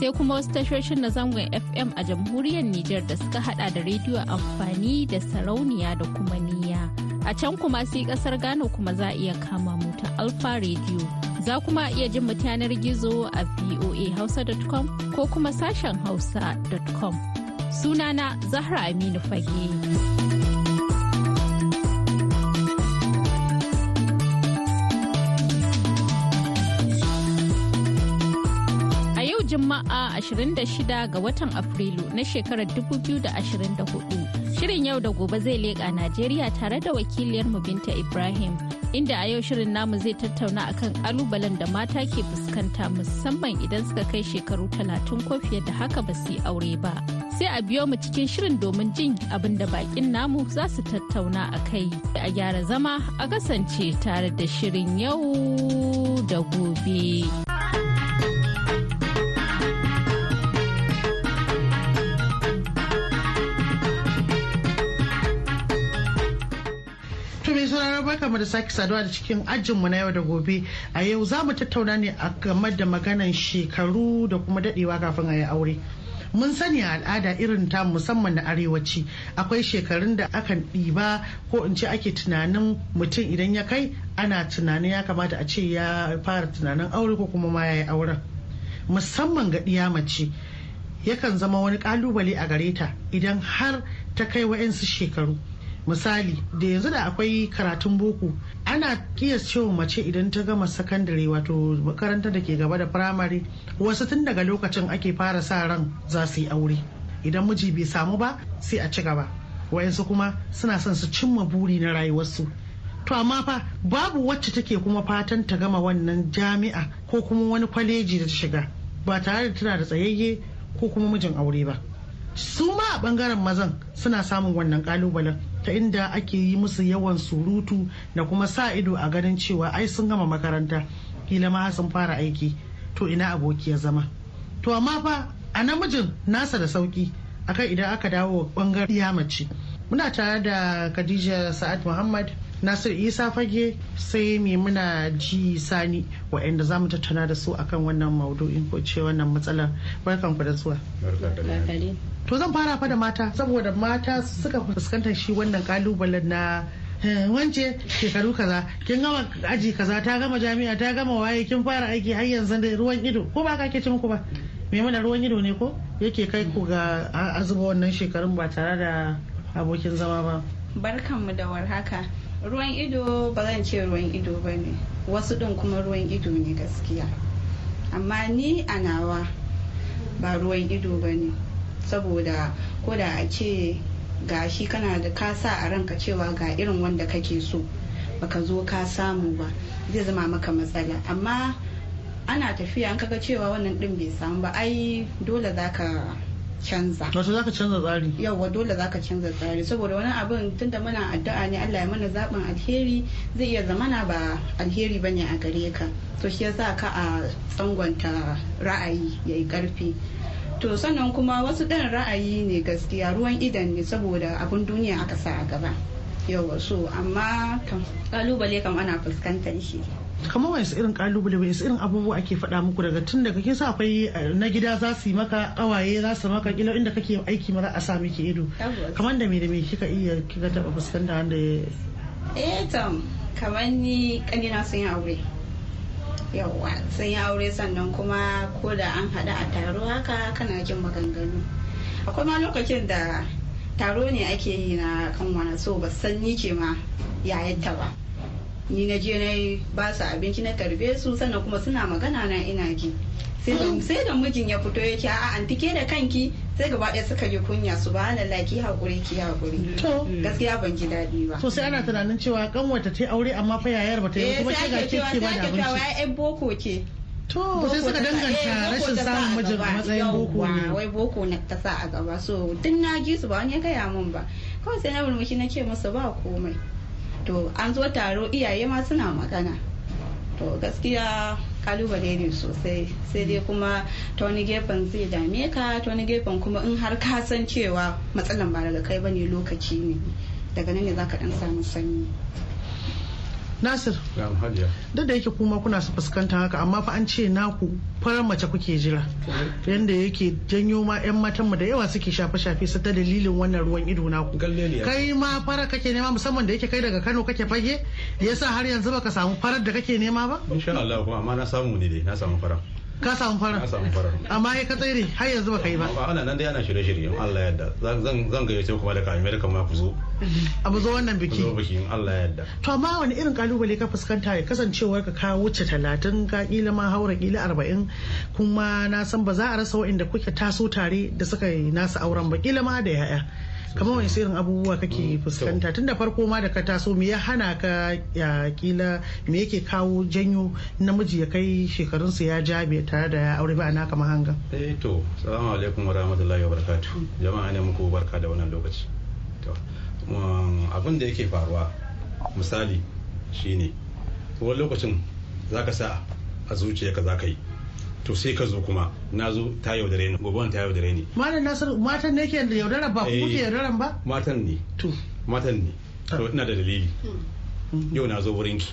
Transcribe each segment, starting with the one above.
sai kuma wasu tashoshin na zangon fm a jamhuriyar nijar da suka hada da rediyo amfani da sarauniya da kuma niya a can kuma sai kasar ghana kuma za a iya kama mu ta alfa radio za kuma iya jin yanar gizo a voa ko kuma sashen hausa.com sunana zahra aminu fage. 26 ga watan Afrilu na shekarar 2024. Shirin yau da gobe zai leƙa Najeriya tare da wakiliyarmu Binta Ibrahim, inda a yau shirin namu zai tattauna akan ƙalubalen da mata ke fuskanta musamman idan suka kai shekaru talatin ko fiye da haka ba su yi aure ba. Sai a biyo mu cikin shirin domin jin abin da bakin namu za su tattauna a kai. A gyara zama a kasance tare da shirin yau da gobe. mai sauraron baka mu da sake saduwa da cikin ajinmu na yau da gobe. A yau za mu tattauna ne a game da maganan shekaru da kuma dadewa kafin a yi aure. mun sani a al'ada irin ta musamman na arewaci akwai shekarun da akan ɗiba ko in ce ake tunanin mutum idan ya kai ana tunanin ya kamata a ce ya fara tunanin aure ko kuma ma ya yi auren musamman ga ɗiya mace yakan zama wani kalubale a gare ta idan har ta kai wa'insu shekaru misali da yanzu da akwai karatun boko ana iya cewa mace idan ta gama sakandare wato makarantar da ke gaba da firamare wasu tun daga lokacin ake fara sa ran za su yi aure idan miji bai samu ba sai a ci gaba wayansu kuma suna son su cimma buri na rayuwarsu to amma fa babu wacce take kuma fatan ta gama wannan jami'a ko kuma wani kwaleji da ta shiga ba tare da tana da tsayayye ko kuma mijin aure ba su ma a bangaren mazan suna samun wannan kalubalen ta inda ake yi musu yawan surutu da kuma sa ido a ganin cewa ai sun gama makaranta kila ma sun fara aiki to ina aboki zama to amma fa a namijin nasa da sauki akan idan aka dawo bangaren ya mace muna tare da khadija sa'ad muhammad nasir isa fage sai mai muna ji sani waɗanda za mu tattauna da su akan wannan maudu'in ko ce wannan matsalar barkan ku da zuwa to zan fara fa da mata saboda mata suka fuskantar shi wannan kalubalen na eh, wance shekaru kaza kin gama aji kaza ta gama jami'a ta gama waye kin fara aiki har yanzu da ruwan ido ko ba ka ke ci muku ba me mana ruwan ido ne ko yake kai ku ga azuba wannan shekarun ba tare da abokin zama ba barkanmu da warhaka ruwan ido ba zan ce ruwan ido ba ne wasu din kuma ruwan ido ne gaskiya amma ni a nawa ba ruwan ido ba ne saboda ko da a ce gashi kana da kasa a ranka cewa ga irin wanda kake so baka zo ka samu ba zai zama maka matsala amma ana tafiya an kaga cewa wannan din bai samu ba ai dole zaka canza wato zaka canza tsari yawa dole zaka canza tsari saboda wani abin tunda muna addu'a ne Allah ya mana zaɓin alheri zai iya zamana ba alheri ba ne a gare ka to shi yasa ka a tsangwanta ra'ayi yayi karfi to sannan kuma wasu ɗan ra'ayi ne gaskiya ruwan idan ne saboda abin duniya aka sa a gaba yawa so amma kalubale kam ana fuskantar shi kamar wani irin kalubale wani irin abubuwa ake faɗa muku daga tun daga kisa akwai eh, na gida za su yi maka kawaye za su maka kila inda kake aiki mara a sami ki ido kamar da me da me kika iya kika taɓa fuskanta wanda eh tam kamar ni kanina sun yi aure yawwa sun yi aure sannan kuma ko da an haɗu a taro haka kana jin maganganu akwai ma lokacin da taro ne ake yi na kan wani so ba san ke ma ma ta ba ni na je na ba su abinci na karbe su sannan kuma suna magana na ina ji sai da mijin ya fito ya ce a an tike da kanki sai gaba ɗaya suka yi kunya su ba na ki hakuri ki hakuri gaskiya ban ji daɗi ba to sai ana tunanin cewa wata ta aure amma fa yayar ba ta yi kuma ce eh, ga ke ce ba da abinci eh boko ce To sai suka eh, danganta rashin samun mijin a matsayin boko ne. Wai boko na ta sa a gaba so tun na ji su ba wani ya gaya min ba. Kawai sai na murmushi na ce masa ba komai. to an zo taro iyaye ma suna magana to gaskiya kalubale ne sosai sai dai kuma ta gefen zai dame ka ta gefen kuma in har ka san cewa matsalan ba daga kai bane lokaci ne daga nan ne za ka dan samu sanyi nasir duk da yake kuma kuna su fuskantar haka amma fa an ce naku farar mace kuke jira yadda yake janyo ma 'yan matanmu da yawa suke shafe-shafe su ta dalilin wannan ruwan ido naku kai ma fara kake nema musamman da yake kai daga kano kake fage yasa har yanzu baka samu farar da kake nema ba insha Allah kuma amma na samu ne dai na samu farar ka samu fara amma ya katsai tsere har yanzu baka yi ba ana nan dai ana shirye shirye Allah ya yarda zan zan gayyace kuma daga America ma ku zo a mu zo wannan biki zo biki Allah ya yarda to amma wani irin kalubale ka fuskanta ya kasancewar ka ka wuce 30 ka kila ma haura kila 40 kuma na san ba za a rasa wa'inda kuke taso tare da suka yi nasu auren ba kila ma da yaya kamar wani irin abubuwa kake mm, fuskanta tun da farko ma da ka taso me ya hana ka ya kila me yake kawo janyo namiji ya kai shekarun su ya ja bai tare da ya aure ba ana kamar hanga eh to assalamu alaikum wa rahmatullahi wa barakatuh jama'a ne muku barka da wannan lokaci to abin da yake faruwa misali shine wani lokacin zaka sa a zuciyarka zaka yi to sai ka zo kuma na zo ta yaudare ni gobe ta yaudare ni malam nasiru matan ne ke yaudara ba ku eh, ke yaudaran ba matan ne to matan ne to ina da dalili mm-hmm. yau na zo wurin ki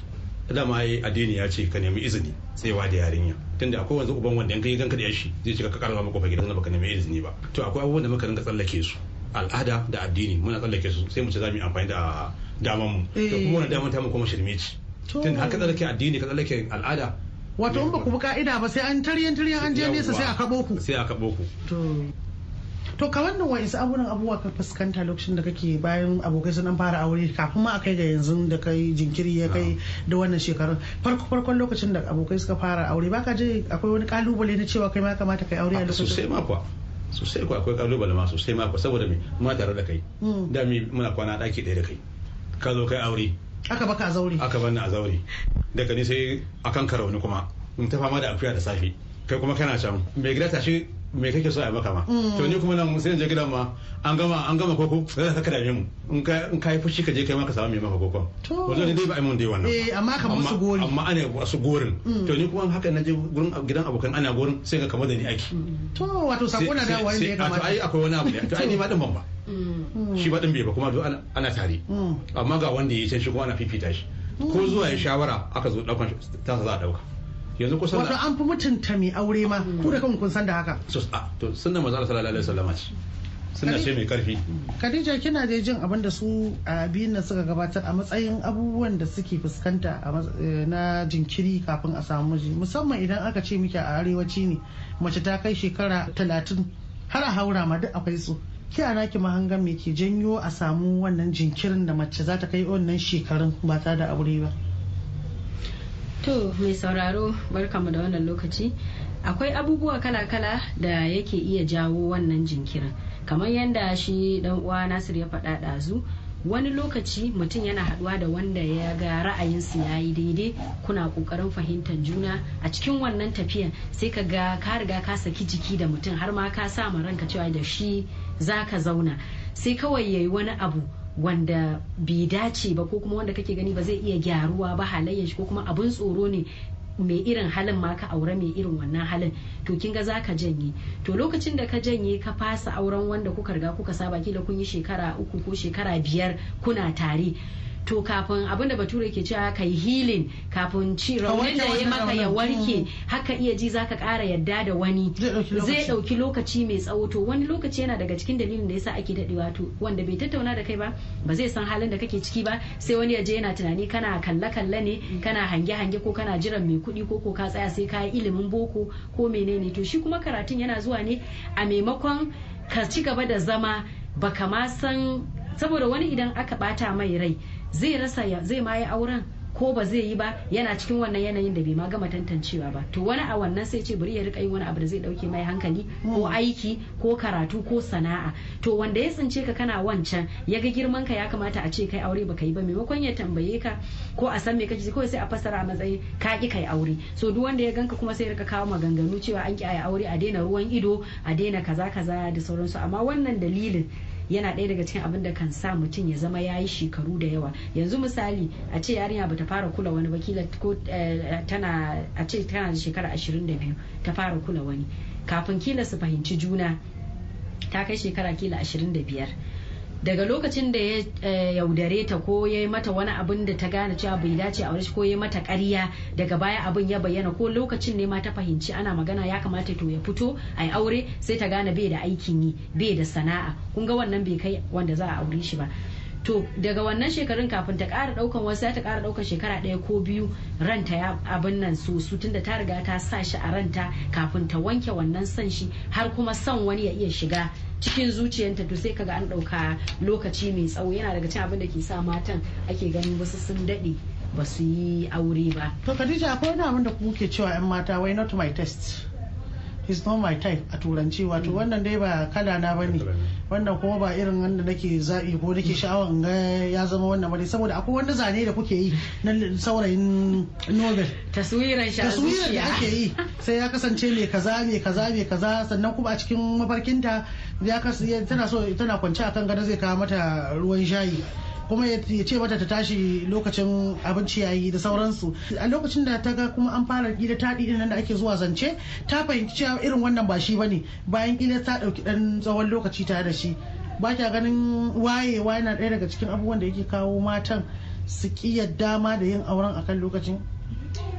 dama yayi addini ya ce ka nemi izini tsayawa da yarinya tunda akwai wanzu uban wanda in kai ganka da yashi zai ce ka karama maka ba gidan ka nemi izini ba to akwai abubuwan da muka rinka tsallake su al'ada da addini muna tsallake su sai mu ce za mu yi amfani da damanmu da kuma eh. wannan daman ta mu kuma shirme ce tun haka tsallake addini ka tsallake al'ada wato in ba ku bi ka'ida ba sai an tarihin tarihin an je nesa sai a kabo ku sai a kabo ku to ka wannan wa isa abunan abubuwa ka fuskanta lokacin da kake bayan abokai sun an fara aure kafin ma kai ga yanzu da kai jinkiri ya kai da wannan shekarun farko farkon lokacin da abokai suka fara aure baka je akwai wani kalubale na cewa kai ma kamata kai aure a lokacin sosai ma kuwa sosai kuwa akwai kalubale ma sosai ma kuwa saboda me tare da kai mm. da me muna kwana daki ɗaya da kai ka zo kai aure aka baka a zaure aka bani a zaure daga ni sai akan karauni kuma in ta fama da akuya da safe kai kuma kana can mai gida tashi me kake so a baka ma to ni kuma nan sai je gidan ma an gama an gama koko sai ka kada mu in ka in kai fushi ka je kai ma ka samu me maka koko wato ne dai ba ai mun dai wannan eh amma kamar su gori amma ana su gorin mm. to ni kuma haka na je gurin gidan abokan ana gorin sai ka kama da ni aiki mm. to wato sako na da wani da kamata ai akwai wani abu ne to ai ni ma din ban ba mm. shi ba din bai ba kuma duk ana tare amma ga wanda ya can shi kuma ana fifita shi ko zuwa ya shawara aka zo daukan ta za a dauka yanzu kusan wato an fi mutunta mai aure ma ku da kanku kun san da haka A ah, to sunna manzo Allah sallallahu alaihi wasallam ce suna ce mai karfi. Khadija kina da jin abin da su ah, biyun suka gabatar a matsayin abubuwan da suke fuskanta eh, na jinkiri kafin a samu miji musamman idan aka ce miki a arewaci ne mace ta kai shekara talatin har a haura ma duk akwai su. Ki ana ki mahangan me ke janyo a samu wannan jinkirin da mace za ta kai wannan shekarun ba ta da aure ba. To mai sauraro barkamu da wannan lokaci akwai abubuwa kala-kala da yake iya jawo wannan jinkirin kamar yadda shi dan uwa Nasir ya faɗa ɗazu wani lokaci mutum yana haɗuwa da wanda ya ga ra'ayinsu ya yi daidai kuna ƙoƙarin fahimtar juna a cikin wannan tafiyan sai ka ga ka riga ka saki jiki da mutum har ma ka sa ma ranka cewa da shi za ka zauna sai kawai yayi wani abu wanda bai dace ba ko kuma wanda kake gani ba zai iya gyaruwa ba halayyar shi ko kuma abun tsoro ne mai irin halin ma ka aure mai irin wannan halin to kin ga zaka janye to lokacin da ka janye ka fasa auren wanda kuka riga kuka saba kila kun yi shekara uku ko shekara biyar kuna tare to kafin abin da bature ke cewa ka yi healing kafin ci raunin da ya maka ya warke haka iya ji zaka kara yadda da wani zai dauki lokaci mai tsawo to wani lokaci yana daga cikin dalilin da yasa ake dadewa to wanda bai tattauna da kai ba ba zai san halin da kake ciki ba sai wani ya je yana tunani kana kalle kalle ne kana hange hange ko kana jiran mai kuɗi ko ko ka tsaya sai ka yi ilimin boko ko menene to shi kuma karatun yana zuwa ne a maimakon ka ci gaba da zama baka ma san saboda wani idan aka bata mai rai zai rasa ya zai ma yi auren ko ba zai yi ba yana cikin wannan yanayin da bai ma gama tantancewa ba to wani a wannan sai ce bari ya rika yin wani abu da zai dauke mai hankali ko hmm. aiki ko karatu ko sana'a to wanda ya tsince ka kana wancan ya ga girman ka ya kamata a ce kai aure ka yi ba maimakon ya tambaye ka ko a san me kake kawai sai a fasara matsayin ka ki kai aure so duk wanda ya ganka kuma sai ya rika kawo maganganu cewa an ki ayi aure a daina ruwan ido a daina kaza kaza da sauransu amma wannan dalilin yana ɗaya daga cikin abin da kan sa mutum ya zama ya yi shekaru da yawa yanzu misali a ce yarinya bata fara kula wani ba ko eh, tana a ce tana da shekara biyu ta fara kula wani kafin kila su fahimci juna ta kai shekara kila ashirin da biyar. daga lokacin da ya eh, yaudare ta ko ya yi mata wani abin da ta gane cewa bai dace a ko ya mata ƙarya daga baya abin ya bayyana ko lokacin ne ma ta fahimci ana magana ya kamata to ya fito a aure sai ta gane bai da aikin yi bai da sana'a kun ga wannan bai kai wanda za a aure shi ba to daga wannan shekarun kafin ta kara ɗaukan wasu ta kara daukan shekara ɗaya ko biyu ranta ya abin nan so su tunda ta riga ta sa shi a ranta kafin ta wanke wannan san shi har kuma son wani ya iya shiga cikin zuciyanta to sai kaga an ɗauka lokaci mai tsawo yana daga cikin abin da ke sa matan ake ganin wasu sun dade ba su yi aure ba to Khadija akwai wani abin da kuke cewa yan mata wai not my test he's not my type a turanci wato mm. wannan dai ba kala na bane wannan kuma ba irin wanda nake zabi ko nake mm. sha'awa in ga ya zama wannan bane saboda akwai wani zane da kuke yi na saurayin Nobel taswiran shi taswiran da ake yi sai ya kasance mai kaza mai kaza mai kaza sannan kuma a cikin mafarkinta ya tana so tana kwance akan gado zai kawo mata ruwan shayi kuma ya ce mata ta tashi lokacin abinci yayi da sauransu a lokacin da ta ga kuma an fara gida ta ɗin nan da ake zuwa zance ta fahimci cewa irin wannan ba shi bane bayan gida ta ɗauki ɗan tsawon lokaci ta da shi ba kya ganin wayewa yana ɗaya daga cikin abubuwan da yake kawo matan su ƙi dama da yin auren akan lokacin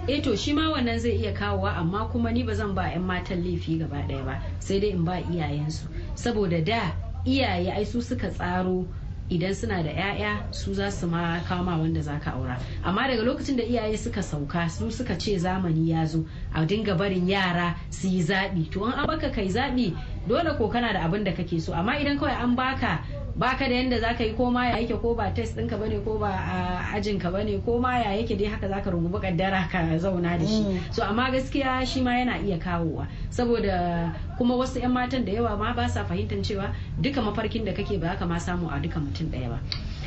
eh to shi ma wannan zai iya kawowa amma kuma ni ba zan ba 'yan matan laifi gaba ɗaya ba sai dai in ba iyayensu saboda da iyaye ai su suka tsaro idan suna da 'ya'ya su za su ma kama wanda za ka aura amma daga lokacin da iyaye suka sauka su suka ce zamani ya zo a dinga barin yara su yi zaɓi to an baka kai zaɓi dole ko kana da abin da kake so amma idan kawai an baka baka da yanda zaka yi ko ma ya yake ko ba test ɗinka bane ko ba ajin ka bane ko ma ya yake dai haka zaka rungumi kaddara ka zauna da shi mm. so amma gaskiya shi ma yana iya kawowa saboda kuma wasu 'yan matan da yawa ma ba sa fahimtar cewa duka mafarkin da kake ba haka ma samu a duka mutum ɗaya ba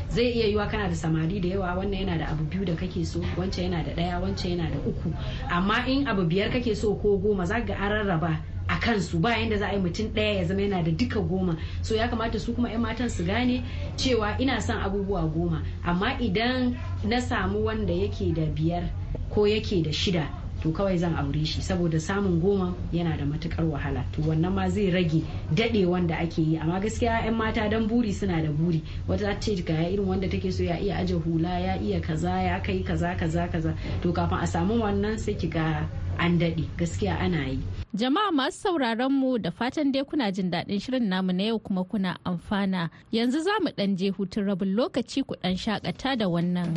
zai iya yiwa kana da samari da yawa wannan yana da abu biyu da kake so wancan yana da ɗaya wancan yana da uku amma in abu biyar kake so ko goma za ga an rarraba a kansu ba yanda za a yi mutum ɗaya ya zama yana da duka goma so ya kamata su kuma 'yan matan su gane cewa ina son abubuwa goma amma idan na samu wanda yake da biyar ko yake da shida to kawai zan aure shi saboda samun goma yana da matukar wahala to wannan ma zai rage dade wanda ake yi amma gaskiya yan mata dan buri suna da buri wata za ce ga irin wanda take so ya iya aje hula ya iya kaza ya kai kaza kaza kaza to kafin a samu wannan sai ki ga an dade gaskiya ana yi Jama'a masu sauraron mu da fatan dai kuna jin daɗin shirin namu na yau kuma kuna amfana. Yanzu za mu ɗan je hutun rabin lokaci ku dan shakata da wannan.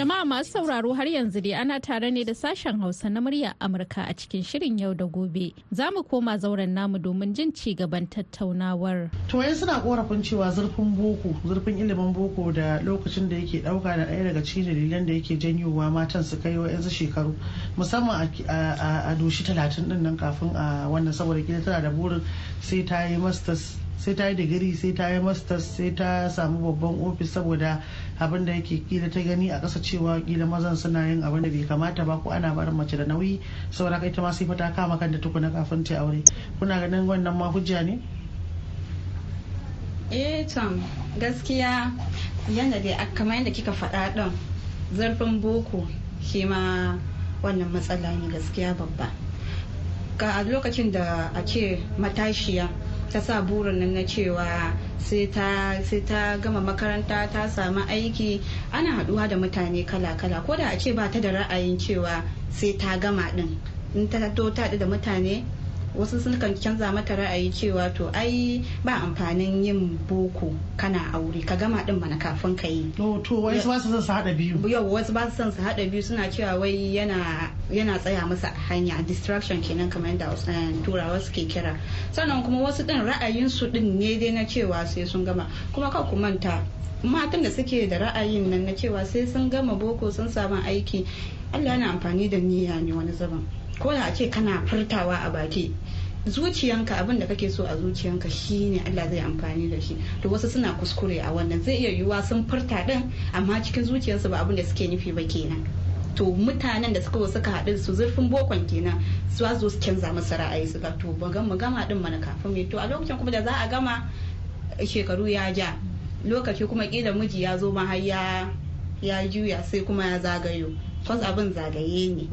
Jama'a masu sauraro har yanzu dai ana tare ne da sashen Hausa na murya Amurka a cikin shirin yau da gobe. Za mu koma zauren namu domin jin ci gaban tattaunawar. To yan suna korafin cewa zurfin boko, zurfin ilimin boko da lokacin da yake dauka da ɗaya daga cikin dalilan da yake janyowa matan su kai wa'yansu shekaru musamman a doshi talatin din nan kafin a wannan saboda gida tana da burin sai ta yi masters sai ta yi digiri sai ta yi masters sai ta samu babban ofis saboda abin da yake kila ta gani a kasa cewa kila mazan suna yin abin da bai kamata ba ko ana barin mace da nauyi saboda ita ma sai fata ta kama kanta tukuna kafin ta aure kuna ganin wannan ma hujja ne eh tom gaskiya yana dai kamar yadda kika faɗa ɗin zurfin boko shi ma wannan matsala ne gaskiya babba ga lokacin da a ce matashiya ta sa burin nan na cewa sai ta gama makaranta ta samu aiki ana haduwa da mutane kala-kala ko da a ce ba ta da ra'ayin cewa sai ta gama din in ta to ta da mutane wasu sun kan canza mata ra'ayi cewa to ai ba amfanin yin boko kana aure ka gama din mana kafin ka yi to wasu ba su son su hada biyu yau wasu ba su son su hada biyu suna cewa wai yana yana tsaya masa a hanya distraction kenan kamar yadda eh, turawa suke kira sannan kuma wasu din su din ne dai na cewa sai sun gama kuma ka ku manta matan da suke da ra'ayin nan na cewa sai sun gama boko sun samu aiki allah yana amfani da niyya ne wani zaman ko da a ce kana furtawa a baki zuciyanka abin da kake so a zuciyanka ne Allah zai amfani da shi to wasu suna kuskure a wannan zai iya yiwuwa sun furta din amma cikin zuciyarsu ba abin da suke nufi ba kenan to mutanen da suka suka haɗu su zurfin bokon kenan su zo su canza masa ra'ayi su to mu gama din mana kafin mai to a lokacin kuma da za a gama shekaru ya ja lokaci kuma kila miji ya zo ma har ya juya sai kuma ya zagayo kwas abin zagaye ne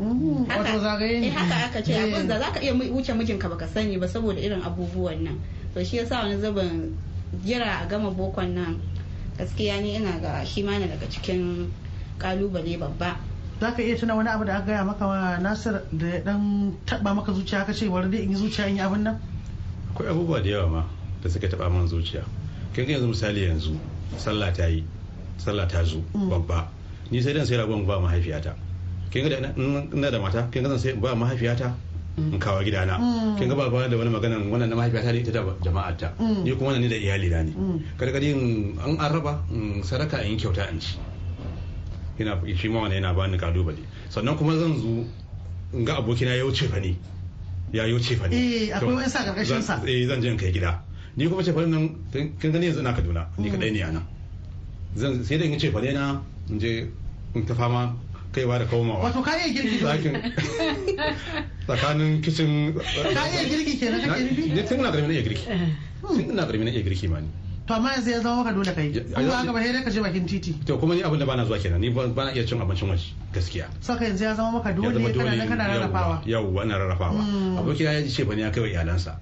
eh, haka aka ce abin da eh. za ka iya wuce mijinka baka sani ba saboda irin abubuwan nan to shi yasa wani zubin jira a gama bokon nan gaskiya ne ina ga shi ma daga cikin kalubale babba za ka iya tuna wani abu da aka gaya maka nasir da ya dan taba maka zuciya ka ce bari dai in yi zuciya in yi abin nan akwai abubuwa da yawa ma da suka taba man zuciya kai ga yanzu misali yanzu sallah ta yi sallah ta zo mm. babba ni sai dan sai ragon ba mahaifiyata kin ga ina da mata kin ga zan sai ba mahaifiyata mm. in kawo gidana mm. kin ga ba ba da wani maganan wannan na mahaifiyata ne ita da jama'arta ni kuma wannan ne da iyali na ne kada kadin an araba sadaka in kyauta in ci yana shi ma wannan yana bani kalubale sannan kuma zan zo in ga abokina ya wuce fa ne ya yi wuce fa ne eh akwai wani sa karkashin sa eh zan je in kai gida ni kuma ce fa nan kin gani yanzu ina Kaduna ni kadai ne yana zan sai da in ce fa ne na in je in ta fama kaiwa da komawa wato ka iya girki tsakanin kicin ka iya girki kenan kake girki? Ne tun na karmi na iya girki eh. tun na karmi na iya girki ma ni to amma yanzu ya zama ka dole kai in ba ka ba sai ka je bakin titi to kuma ni abin da bana zuwa kenan ni bana iya cin abincin waje gaskiya saka yanzu ya zama maka dole kana kana rarrafawa yau na rarrafawa hmm. aboki ya ce ba ni ya kai wa iyalansa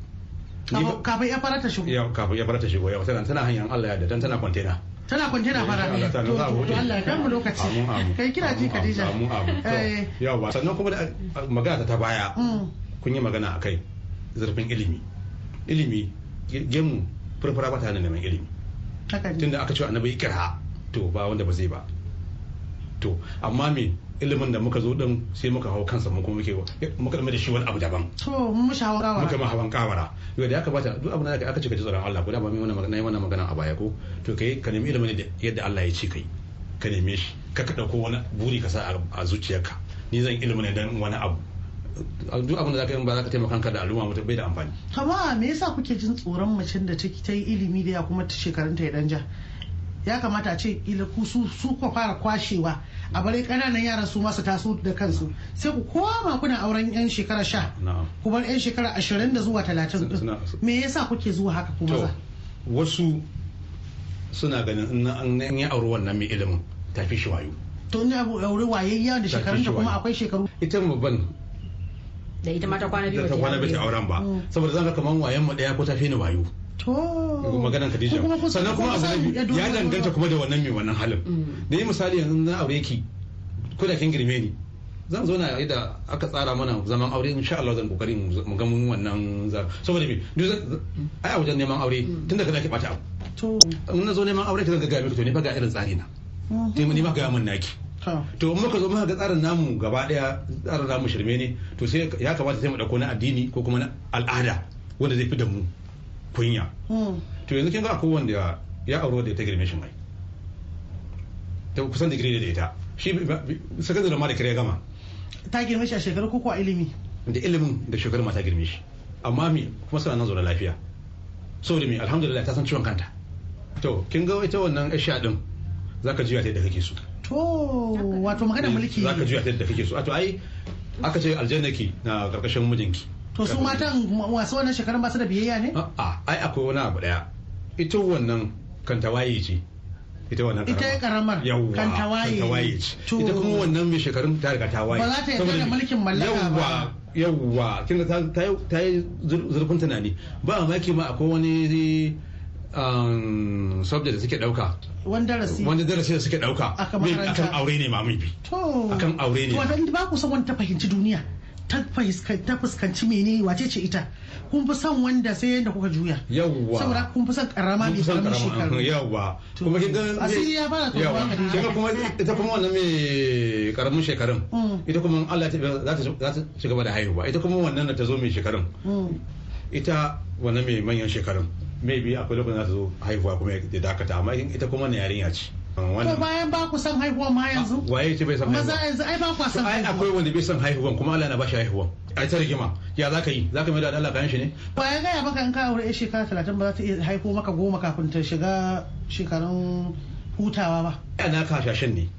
kafin ya fara ta shigo yau kafin ya fara ta shigo yau tana tana hanyar Allah ya da dan tana kwantena tana kwantena fara ne to Allah ya mu lokaci kai kira ji Khadija amu amu ba sannan kuma da magana ta baya hmm. kun yi magana akai zurfin ilimi ilimi gemu furfura ba ta hana neman ilimi tun da aka ce annabi ikra to ba wanda ba zai ba to amma me ilimin da muka zo din sai muka hau kansa mu kuma muke muka da shi wani abu daban to mun mushi hawan kawara muka ma hawan kawara yau da ya kamata duk abin da aka ce ka ji tsoron Allah guda ba mai wannan magana wannan magana a baya ko to kai ka nemi ilimin da yadda Allah ya ce kai ka neme shi ka ka dauko wani buri ka sa a zuciyarka ni zan ilimin da wani abu duk abin da ka yi ba za ka taimaka kanka da al'umma mutum bai da amfani kama me yasa kuke jin tsoron macen da ta yi ilimi da ya kuma ta shekarun ta ya danja ya kamata a ce ila ku su su ku fara kwashewa a bari kananan yaran su masu taso da kansu sai ku koma kuna auren yan shekara sha ku bar yan shekara ashirin da zuwa talatin me yasa kuke zuwa haka ku maza wasu suna ganin in ya auri wannan mai ilimin tafi shi wayo to ni abu aure wayayya da shekarun da kuma akwai shekaru ita mu ban da ita ma ta kwana biyu ta kwana biyu ta auren ba mm. saboda zan ga kaman wayan mu daya ko ta fi ni wayo to maganar Khadija sannan kuma abu ya danganta kuma da wannan mai wannan halin da mm. yi misali yanzu na aure ki ko da kin girme ni zan zo na yadda aka tsara mana zaman aure insha Allah zan kokari mu ga mun wannan za saboda me ai a wajen neman aure mm. tunda kana ki bata abu to in na zo neman aure ki zan ga ga to ne ba ga irin tsari na mm-hmm. ni ma ga mun naki to ka zo muka ga tsarin namu gaba daya tsarin namu shirme ne to sai ya kamata sai mu dauko na addini ko kuma na al'ada wanda zai fi da mu kunya to yanzu kin ga akwai wanda ya auro da ta girme shi mai ta kusan digiri da ita shi sakandare da da kare gama ta girme shi a shekaru ko a ilimi da ilimin da shekaru ma ta girme shi amma mi kuma suna nan zaune lafiya saboda mi alhamdulillah ta san ciwon kanta to kin ga ita wannan yar sha din zaka juya ta da kake so to wato magana eh, mulki za ka juya ta yadda kake so wato ai aka ce aljanna ki na karkashin mijinki to su matan wasu wannan shekarun ba su da biyayya ne a ai akwai wani abu daya ita wannan kantawaye ce ita wannan ita ya karamar kan tawaye ita kuma wannan mai shekarun ta riga ta waye ba za ta yarda da mulkin mallaka ba yawwa kin ta ta yi zurfin tunani ba maki ma akwai wani Um, subject da suke dauka wanda darasi da suke dauka akan aure ne ma mai bi akan aure ne wadanda ba ku san wanda ta fahimci duniya ta fuskanci mene wace ce ita kun fi san wanda sai yadda kuka juya yawwa saboda kun fi san karama mai karamin shekaru yawwa kuma kin gan asiri ya fara to ba ka kuma ita kuma wannan mai karamin shekarun mm. ita kuma Allah ta za ta shiga da haihuwa ita kuma wannan da ta zo mai shekarun mm. ita wannan mai manyan shekarun maybe akwai lokacin za ta zo haihuwa kuma ya dakata amma ita kuma na yarinya ce to bayan ba ku san haihuwa ma yanzu waye ce bai san haihuwa maza yanzu ai ba ku san haihuwa akwai wanda bai san haihuwa kuma Allah na ba shi haihuwa. ai ta rigima ya za ka yi za ka mai da Allah kayan shi ne ba ya gaya maka in ka aure shekara talatin ba za ta iya haihu maka goma kafin ta shiga shekarun hutawa ba ka shashen ne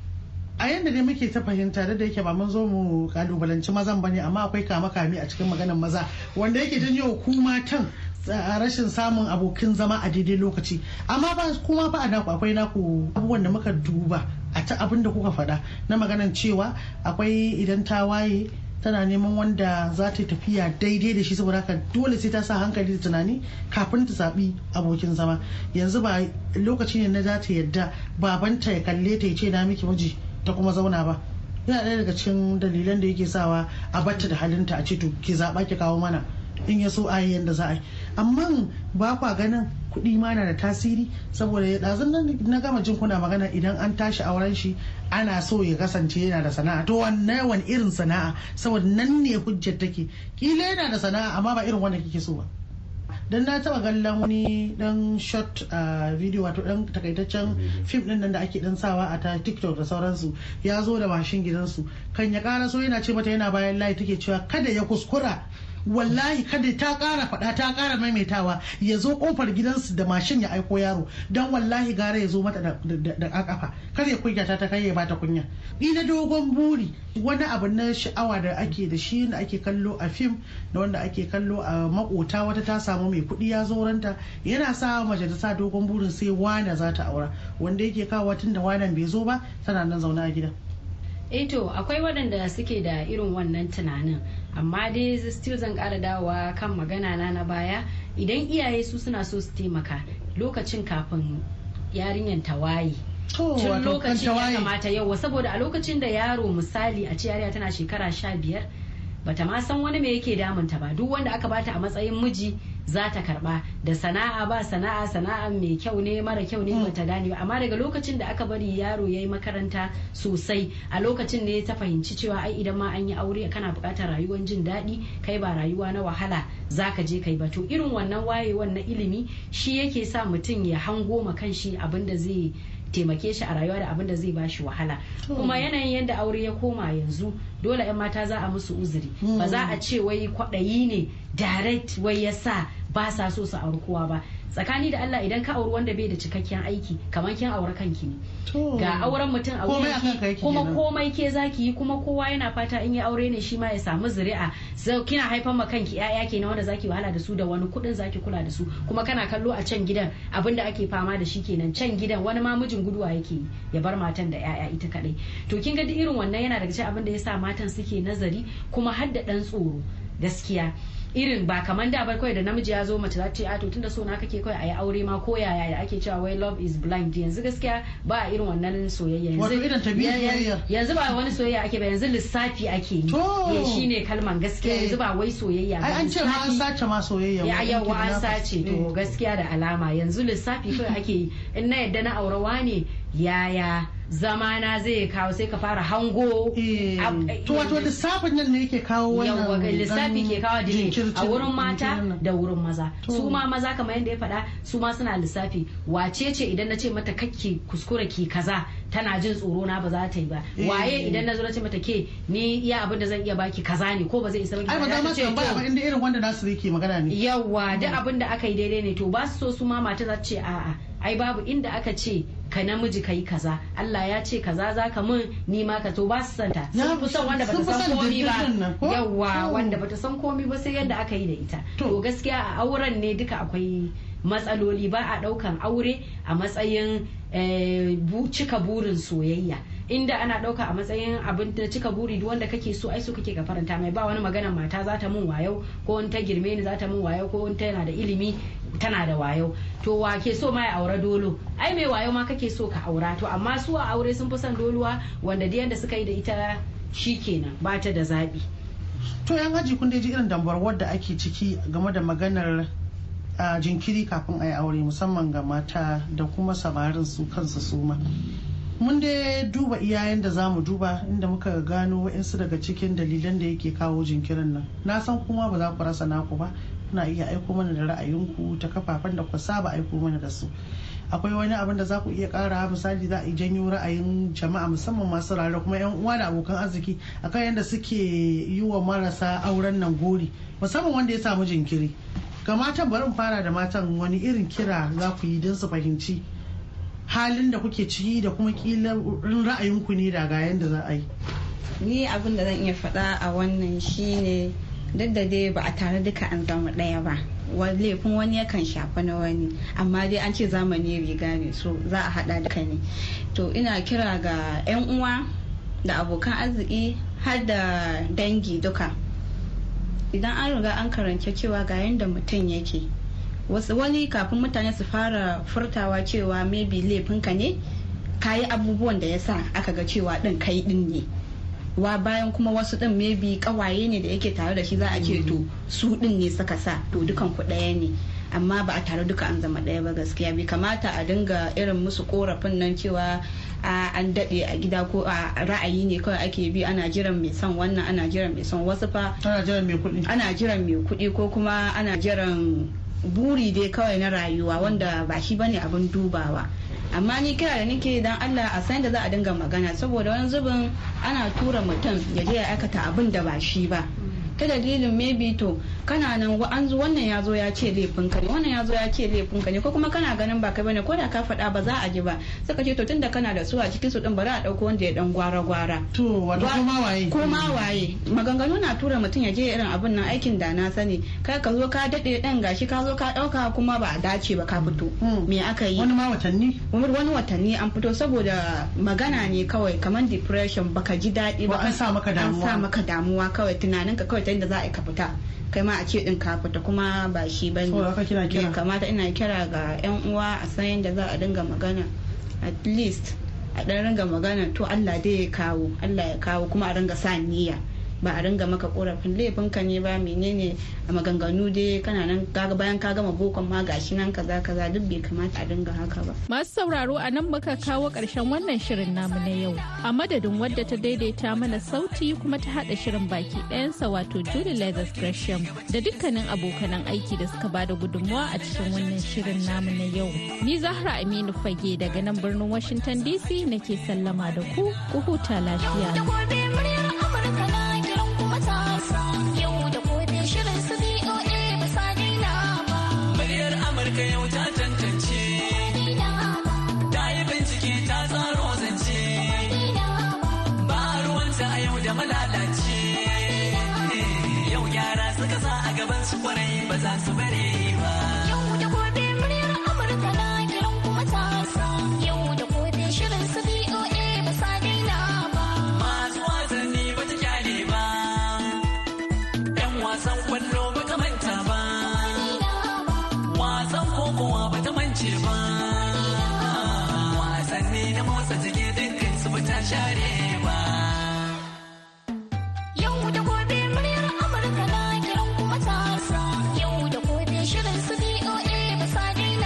a yadda ne muke ta fahimta da yake ba mun zo mu kalubalanci mazan bane amma akwai kama kame a cikin maganin maza wanda yake janyo ku matan rashin samun abokin zama a daidai lokaci amma ba kuma ba a naku akwai naku abubuwan da muka duba a ta abin da kuka faɗa na maganan cewa akwai idan ta waye tana neman wanda za ta tafiya daidai da shi saboda haka dole sai ta sa hankali da tunani kafin ta zaɓi abokin zama yanzu ba lokaci ne na za ta yadda babanta ya kalle ta ya ce na miki miji ta kuma zauna ba yana ɗaya daga cikin dalilan da yake sawa a batta da halinta a ce to ki zaɓa ki kawo mana in ya so a yi yadda za a yi amma ba kwa ganin kuɗi ma na da tasiri saboda ɗazun na gama jin kuna magana idan an tashi auren shi ana so ya kasance yana da sana'a to wannan wani irin sana'a saboda nan ne hujjar take kila yana da sana'a amma ba irin wanda kike so ba dan na taba gallan wani dan short video wato dan takaitaccen fim din nan da ake dan sawa a ta tiktok da sauransu ya zo da mashin gidansu kan ya kara so yana ce mata yana bayan layi take cewa kada ya kuskura wallahi kada ta kara faɗa ta kara maimaitawa ya zo kofar gidansu da mashin ya aiko yaro don wallahi gara ya zo mata da kafa kar ya kunya ta ta kai ya bata kunya ina dogon buri wani abu na sha'awa da ake da shi da ake kallo a fim da wanda ake kallo a makota wata ta samu mai kuɗi ya zo ranta yana sa mace ta dogon burin sai wana za ta aura wanda yake kawo tun da wanan bai zo ba tana nan zaune a gidan. eto eh akwai waɗanda suke da irin wannan tunanin amma dai still zan kara dawowa kan magana na na baya idan iyaye su suna so su taimaka lokacin kafin yarinyar ta waye tun lokacin ya kamata yau saboda a lokacin da yaro misali a ce yarinya tana shekara sha biyar bata ma san wani me yake damunta ba duk wanda aka bata a matsayin miji za ta karba da sana'a ba sana'a sana'a mai kyau ne mara kyau ne bata gane ba amma daga lokacin da aka bari yaro yayi makaranta sosai a lokacin ne ta fahimci cewa ai idan ma an yi aure kana buƙatar rayuwar jin daɗi kai ba rayuwa na wahala zaka je kai ba to irin wannan wayewan na ilimi shi yake sa mutum ya hango ma kanshi abin da zai taimake shi a rayuwa da abin da zai bashi wahala kuma yanayin yadda aure ya koma yanzu dole 'yan mata za a musu uzuri ba za a ce wai kwaɗayi ne direct wai ya sa ba sa so su auri kowa ba tsakani da Allah idan ka auri wanda bai da cikakken aiki kamar kin auri kanki ne ga auren mutum a wurin kuma komai ke zaki yi kuma kowa yana fata in ya aure ne shi ma ya samu zuri'a kina haifan ma kanki yaya ke na wanda zaki wahala da su da wani kudin zaki kula da su kuma kana kallo a can gidan abinda ake fama da shi kenan can gidan wani ma mijin guduwa yake ya bar matan da yaya ita kadai to kin ga irin wannan yana daga cikin abin da sa matan suke nazari kuma har da dan tsoro gaskiya irin ba kaman da ba kawai da namiji ya zo mace za ta ce ah, to tunda so na kake kawai a yi aure ma ko yaya da ake cewa wai love is blind yanzu gaskiya ba a irin wannan soyayya yanzu irin soyayya yanzu ba wani soyayya ake ba yanzu lissafi ake yi eh, shi ne kalman gaskiya eh. yanzu ba wai soyayya ba an ce ma an sace ma soyayya ya yawa an sace to eh. gaskiya da alama yanzu lissafi kawai ake yi in na yadda na aurawa ne yaya zama na zai kawo sai ka fara hango eh. to wato eh, lissafin nan ne yake kawo wannan eh, lissafi ke kawo dile a wurin mata da wurin maza su ma maza kamar yadda ya faɗa su ma suna lissafi wace ce idan na ce mata kake kuskure ki kaza tana jin tsoro na ba za ta yi ba waye idan na zo na ce mata ke ni iya abin da zan iya baki kaza ne ko ba zai isa ba ai za ma ce ba amma inda irin wanda nasu yake magana ne yawa duk mm. abin da aka yi daidai ne to ba su so su ma mata za ta ce a'a ai babu inda aka ce ka namiji ka yi kaza Allah ya ce kaza za ka mun ni ma ka to ba su santa wanda san komi ba yawa wanda bata san komi ba sai yadda aka yi da ita to gaskiya a auren ne duka akwai matsaloli ba a daukan aure a matsayin eh, cika burin soyayya inda ana ɗauka a matsayin abin da cika buri duk wanda kake so ai so kake ka faranta mai ba wani magana mata za ta mun wayo ko wani ta girme ni za ta mun wayo ko wani tana da ilimi tana da wayo to wa ke so ma ya aure dolo ai mai wayo ma kake so ka aura to amma su a aure sun fi son doluwa wanda da yanda suka yi da ita shi kenan ba ta da zaɓi. to yan haji kun dai ji irin dambar wadda ake ciki game da maganar ah, jinkiri kafin a yi aure musamman ga mata da kuma samarin su kansu suma mun dai duba iyayen da zamu duba inda muka gano wa'insu daga cikin dalilan da yake kawo jinkirin nan na san kuma ba za ku rasa naku ba kuna iya aiko mana da ra'ayinku ta kafafen da ku saba aiko mana da su akwai wani abin da za ku iya kara misali za a janyo ra'ayin jama'a musamman masu rayuwa kuma yan uwa da abokan arziki akan yadda suke yi wa marasa auren nan gori musamman wanda ya samu jinkiri ga matan bari fara da matan wani irin kira za ku yi don su fahimci halin da kuke ciki da kuma kila ra'ayinku ne da ga yadda za a yi ni abin da zan iya faɗa a wannan shine duk da dai ba a tare duka an zama ɗaya ba laifin wani yakan shafa na wani amma dai an ce zamani riga ne so za a haɗa duka ne to ina kira ga 'yan uwa da abokan arziki har da dangi duka idan an riga an karanci cewa ga yadda mutum yake wasu wani kafin mutane su fara furtawa cewa maybe laifinka ne kayi abubuwan da ya sa aka ga cewa din kai din ne wa bayan kuma wasu din maybe kawaye ne da yake tare da shi za a ce to su din ne suka sa to dukan ku daya ne amma ba a tare duka an zama daya ba gaskiya bai kamata a dinga irin musu korafin nan cewa an dade a gida ko a ra'ayi ne kawai ake bi ana jiran mai son wannan ana jiran mai son wasu fa ana jiran mai kuɗi ko kuma ana jiran buri dai kawai na rayuwa wanda ba shi bane abin dubawa amma ni kira da nake dan Allah a san da za a dinga magana saboda wani zubin ana tura mutum ya je ya aikata abin da ba shi ba ta dalilin maybe to kana nan an zo wannan ya zo ya ce laifin ka ne wannan ya zo ya ce laifin ka ne ko kuma kana ganin ba kai bane ko da ka faɗa ba za a ji ba suka ce to tunda kana da su a cikin su din bari a ɗauko wanda ya dan gwara gwara to wato koma waye kuma waye maganganu na tura mutum ya je irin abin nan aikin da na sani kai ka zo ka daɗe dan gashi ka zo ka ɗauka kuma ba a dace ba ka fito hmm. me aka yi wani ma watanni wani watanni an fito saboda magana ne kawai kamar depression baka ji daɗi ba an sa maka damuwa an sa maka damuwa kawai tunaninka kawai ta inda za a ka fita kai ma a ce din ka fita kuma ba shi ba ne kamata ina kira ga yan uwa a san yadda za a dinga magana at least a dan ringa magana to Allah dai ya kawo Allah ya kawo kuma a ringa sa niyya ba a ringa maka korafin laifin ka ne ba menene a maganganu dai kana nan bayan ka gama bokon ma gashi nan kaza kaza duk bai kamata a dinga haka ba masu sauraro a nan muka kawo karshen wannan shirin namu na yau a madadin wadda ta daidaita mana sauti kuma ta hada shirin baki ɗayansa wato Julie Leathers Gresham da dukkanin abokanan aiki da suka bada gudunmawa a cikin wannan shirin namu na yau ni Zahra Aminu Fage daga nan birnin Washington DC nake sallama da ku ku huta lafiya.